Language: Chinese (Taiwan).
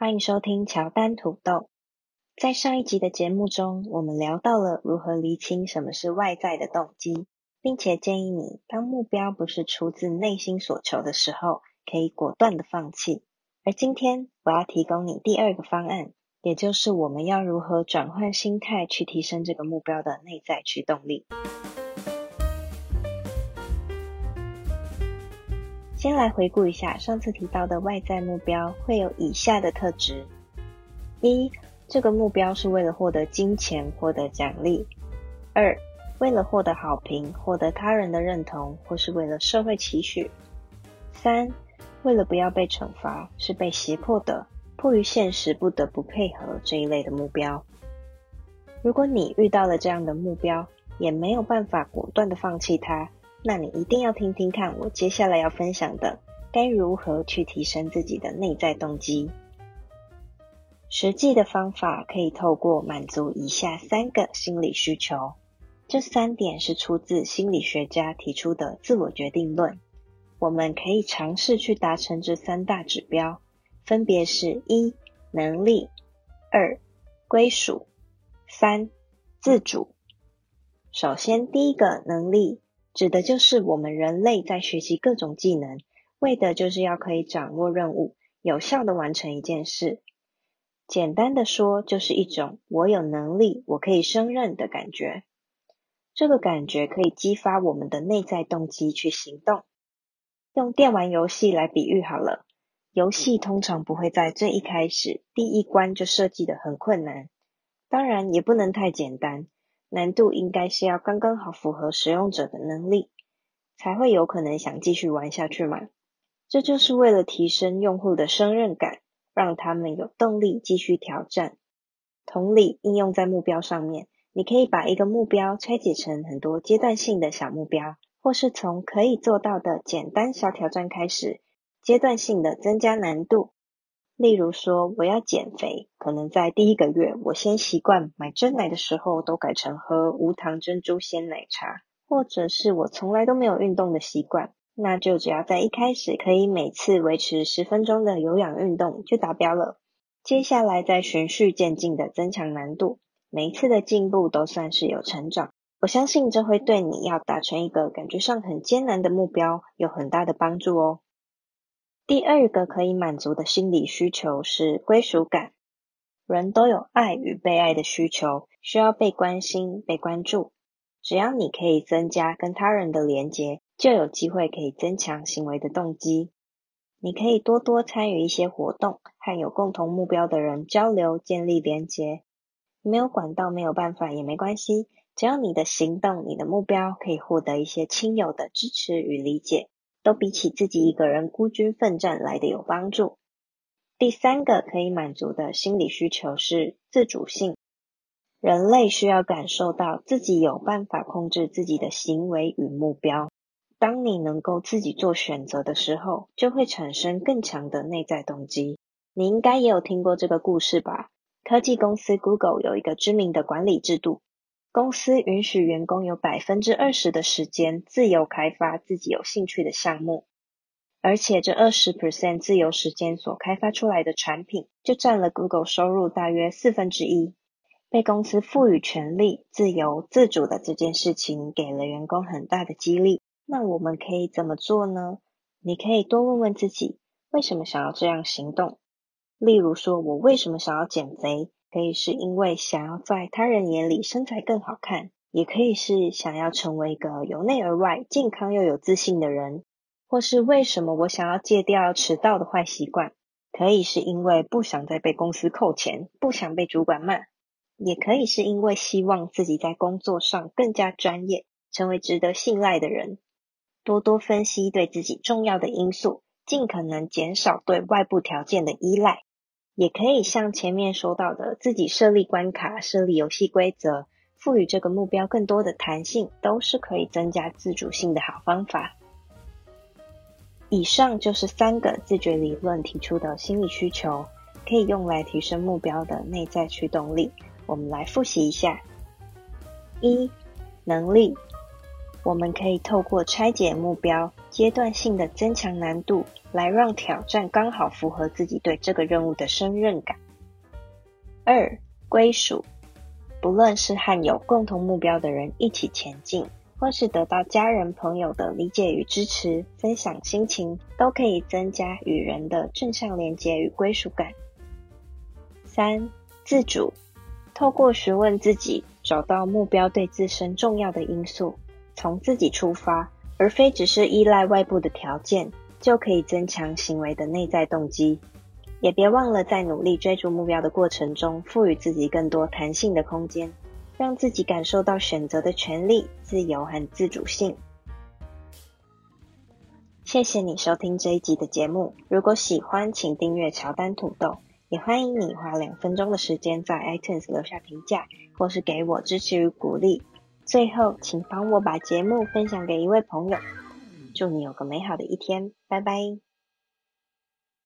歡迎收聽喬丹土豆。在上一集的節目中，我們聊到了如何釐清什麼是外在的動機，並且建議你，當目標不是出自內心所求的時候，可以果斷地放棄。而今天，我要提供你第二個方案，也就是我們要如何轉換心態去提升這個目標的內在驅動力。先來回顧一下上次提到的外在目標，會有以下的特質：一、這個目標是為了獲得金錢、獲得獎勵；二、為了獲得好評、獲得他人的認同，或是為了社會期許；三、為了不要被懲罰，是被脅迫的，迫於現實不得不配合這一類的目標。如果你遇到了這樣的目標，也沒有辦法果斷的放棄它。那你一定要聽聽看，我接下來要分享的該如何去提升自己的內在動機。實際的方法可以透過滿足以下三個心理需求，這三點是出自心理學家提出的自我決定論。我們可以嘗試去達成這三大指標，分別是一能力、二歸屬、三自主。首先，第一個能力。指的就是我們人類在學習各種技能，為的就是要可以掌握任務，有效的完成一件事。簡單的說，就是一種我有能力，我可以勝任的感覺。這個感覺可以激發我們的內在動機去行動。用電玩遊戲來比喻好了，遊戲通常不會在最一開始第一關就設計的很困難，當然也不能太簡單。難度應該是要剛剛好符合使用者的能力，才會有可能想繼續玩下去嘛。這就是為了提升用戶的勝任感，讓他們有動力繼續挑戰。同理，應用在目標上面，你可以把一個目標拆解成很多階段性的小目標，或是從可以做到的簡單小挑戰開始，階段性地增加難度。例如說，我要減肥，可能在第一個月，我先習慣買珍奶的時候都改成喝無糖珍珠鮮奶茶，或者是我從來都沒有運動的習慣，那就只要在一開始可以每次維持十分鐘的有氧運動就達標了。接下來再循序漸進的增強難度，每一次的進步都算是有成長。我相信這會對你要達成一個感覺上很艱難的目標，有很大的幫助哦。第二個可以滿足的心理需求是歸屬感。人都有愛與被愛的需求，需要被關心、被關注。只要你可以增加跟他人的連結，就有機會可以增強行為的動機。你可以多多參與一些活動，和有共同目標的人交流，建立連結。沒有管道、沒有辦法也沒關係，只要你的行動、你的目標可以獲得一些親友的支持與理解。都比起自己一個人孤軍奮戰來得有幫助。第三個可以滿足的心理需求是自主性。人類需要感受到自己有辦法控制自己的行為與目標。當你能夠自己做選擇的時候，就會產生更強的內在動機。你應該也有聽過這個故事吧？科技公司 Google 有一個知名的管理制度。公司允許員工有百分之二十的時間自由開發自己有興趣的項目，而且這二十 percent 自由時間所開發出來的產品就占了 Google 收入大約四分之一。被公司賦予權利、自由自主的這件事情，給了員工很大的激勵。那我們可以怎麼做呢？你可以多問問自己，為什麼想要這樣行動？例如說，我為什麼想要減肥？可以是因為想要在他人眼裡身材更好看，也可以是想要成為一個由內而外健康又有自信的人，或是為什麼我想要戒掉遲到的壞習慣。可以是因為不想再被公司扣錢，不想被主管罵，也可以是因為希望自己在工作上更加專業，成為值得信賴的人。多多分析對自己重要的因素，盡可能減少對外部條件的依賴。也可以像前面說到的，自己設立關卡、設立遊戲規則，賦予這個目標更多的彈性，都是可以增加自主性的好方法。以上就是三個自覺理論提出的心理需求，可以用來提升目標的內在驅動力。我們來複習一下。一、能力。我們可以透過拆解目標、階段性的增強難度，來讓挑戰剛好符合自己對這個任務的勝任感。二、歸屬，不論是和有共同目標的人一起前進，或是得到家人朋友的理解與支持、分享心情，都可以增加與人的正向連接與歸屬感。三、自主，透過詢問自己，找到目標對自身重要的因素。從自己出發，而非只是依賴外部的條件，就可以增強行為的內在動機。也別忘了在努力追逐目標的過程中，賦予自己更多彈性的空間，讓自己感受到選擇的權利、自由和自主性。謝謝你收聽這一集的節目。如果喜歡，請訂閱喬丹土豆。也歡迎你花兩分鐘的時間在 iTunes 留下評價，或是給我支持與鼓勵。最後，請幫我把節目分享給一位朋友。祝你有個美好的一天，拜拜。